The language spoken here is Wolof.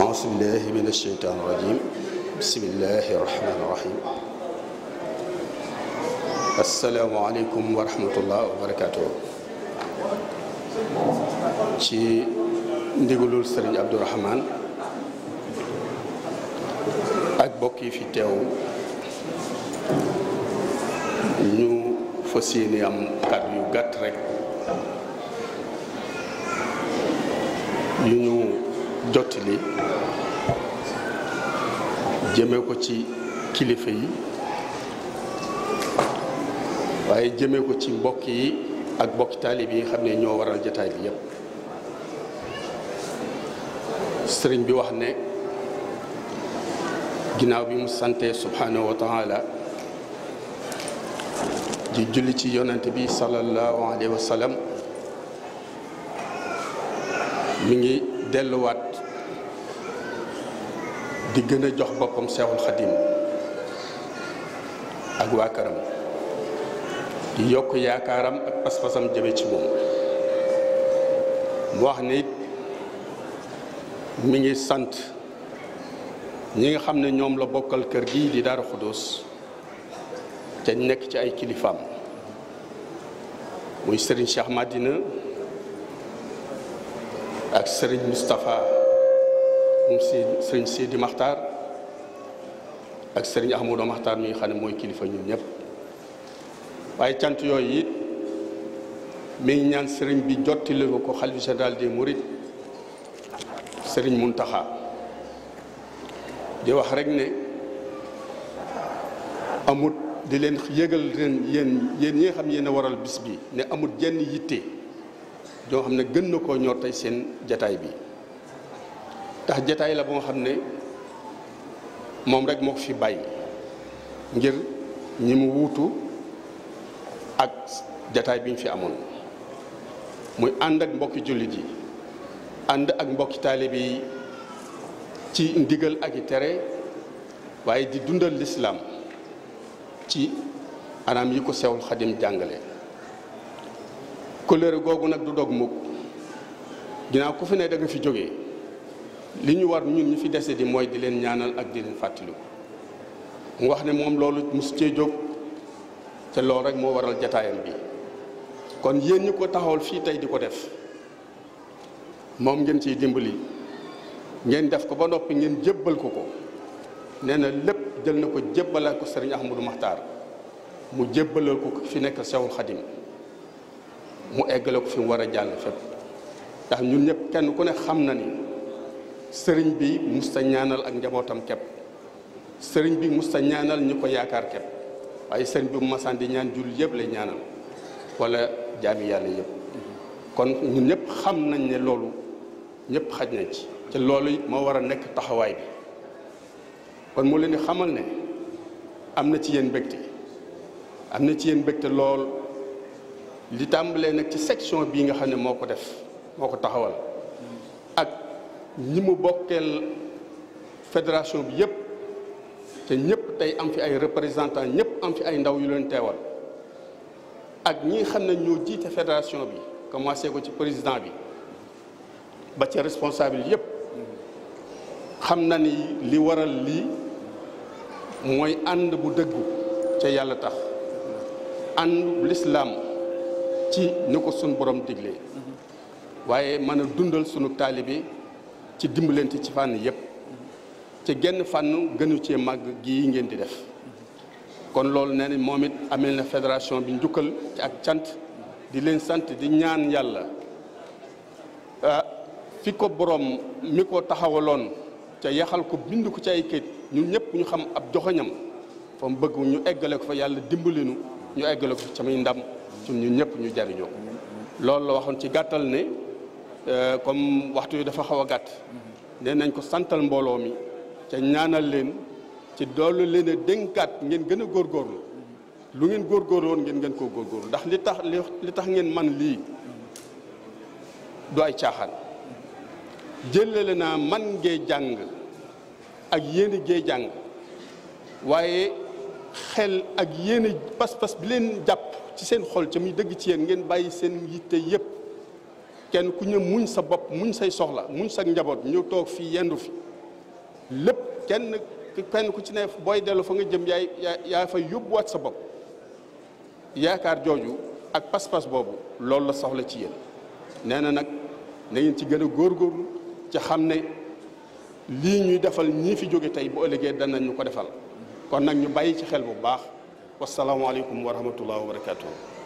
أعوذ بالله من الشيطان الرجيم بسم الله الرحمن الرحيم السلام عليكم ورحمة الله وبركاته شي ndigalul sëriñ عبد الرحمن bokk yi fi نو فسيني أم yéene am ينو jot jottali jëme ko ci kilifa yi waaye jëmee ko ci mbokk yi ak mbokki taalib yi xam ne ñoo waral jataay bi yépp sëriñ bi wax ne ginnaaw bi mu sante subhanahu wa julli ci yonent bi sallallahu alayhi wa sallam ngi delluwaat di gën a jox boppam Seexul Xadim ak waa këram di yokk yaakaaram ak pas-pasam jëme ci moom mu wax ne it ngi sant ñi nga xam ne ñoom la bokkal kër gi di Daaru Xudoos te nekk ci ay kilifaam muy Serigne Cheikh Madina ak Serigne Mustapha sëñ Sidi Maxtaar ak sëriñ Ahmadou Maxtaar mi xam ne mooy kilifa ñu ñëpp waaye cant yooyu yi mi ngi ñaan sëriñ bi jottali ko xalifa général des Mourides sëriñ Muntaxa di wax rek ne amut di leen yëgal ren yéen yéen ñi xam yéen a waral bis bi ne amut jenn yitte joo xam ne gën na koo ñor tey seen jataay bi ndax jataay la bu xam ne moom rek moo ko fi bàyyi ngir ñi mu wuutu ak jataay bi ñu fi amoon muy ànd ak mbokki jullit yi ànd ak mbokki taalibe yi ci ndigal ak i tere waaye di dundal lislaam ci anam yi ko sewul xadim jàngale kóllëre googu nag du dog mukk ginnaaw ku fi ne da fi jógee li ñu war ñun ñu fi dese di mooy di leen ñaanal ak di leen fàttaliku mu wax ne moom loolu mosu cee jóg te loolu rek moo waral jataayam bi kon yéen ñi ko taxawal fii tey di ko def moom ngeen ciy dimbali ngeen def ko ba noppi ngeen jébbal ko ko nee na lépp jël na ko jébbalaat ko sëriñ Ahmadou Maxtaar mu jébbalal ko fi nekk Seexul mu eggale ko fi mu war a jàll fépp ndax ñun ñëpp kenn ku ne xam na ni. sëriñ bi musta ñaanal ak njabootam kepp sëriñ bi musta ñaanal ñu ko yaakaar kepp waaye sëriñ bi masaan di ñaan jullit yëpp lay ñaanal wala jaami yàlla yëpp kon ñun ñëpp xam nañ ne loolu ñëpp xaj nañ ci te loolu moo war a nekk taxawaay bi kon mu leen di xamal ne am na ci yéen mbégte am na ci yéen mbégte lool li tàmbalee nag ci section bii nga xam ne moo ko def moo ko taxawal ñi mu bokkeel fédération bi yëpp te ñëpp tey am fi ay représentant ñëpp am fi ay ndaw yu leen teewal ak ñi xam ne ñoo jiite fédération bi commencé ko ci président bi ba ci responsable yëpp xam na ni li waral lii mooy ànd bu dëggu ca yàlla tax ànd lislaam ci ñu ko suñ borom diglee mm-hmm. waaye mën a dundal sunu taalibe ci dimbalante ci fànn yëpp ci genn fànn gënu ci màgg gi ngeen di def kon loolu nee na moom it amel na fédération bi njukkal ci ak cant di leen sant di ñaan yàlla ah, fi ko boroom mi ko taxawaloon ca yaxal ko bind ko ci ay kayit ñun ñëpp ñu xam ab joxoñam fa mu bëgg ñu eggale ko fa yàlla dimbali nu ñu eggale ko ca muy ndam ñun ñëpp ñu jariñoo loolu la waxoon ci gàttal ne. Euh, comme waxtu yi dafa xaw a gàtt nee nañ ko santal mbooloo mi ca ñaanal leen ci doolu leen a dénkaat ngeen gën a góorgóorlu lu ngeen góor woon ngeen gën koo góorgóorlu ndax li tax li tax ngeen man lii du ay caaxaan jëlale naa man ngee jàng ak yéen gee jàng waaye xel ak yéen pas-pas bi leen jàpp ci seen xol ca muy dëgg ci yéen ngeen bàyyi seen yitte yépp kenn ku ñu muñ sa bopp muñ say soxla muñ sa njaboot ñu toog fii yendu fi lépp kenn kenn ku ci ne booy dellu fa nga jëm yaay yaa yaa fay yóbbuwaat sa bopp yaakaar jooju ak pas-pas boobu loolu la soxla ci yéen nee na nag na ngeen ci gën a góorgóorlu ci xam ne lii ñuy defal ñii fi jóge tey bu ëllëgee danañ ñu ko defal kon nag ñu bàyyi ci xel bu baax wasalaamualeykum wa rahmatullahi wa barakatuh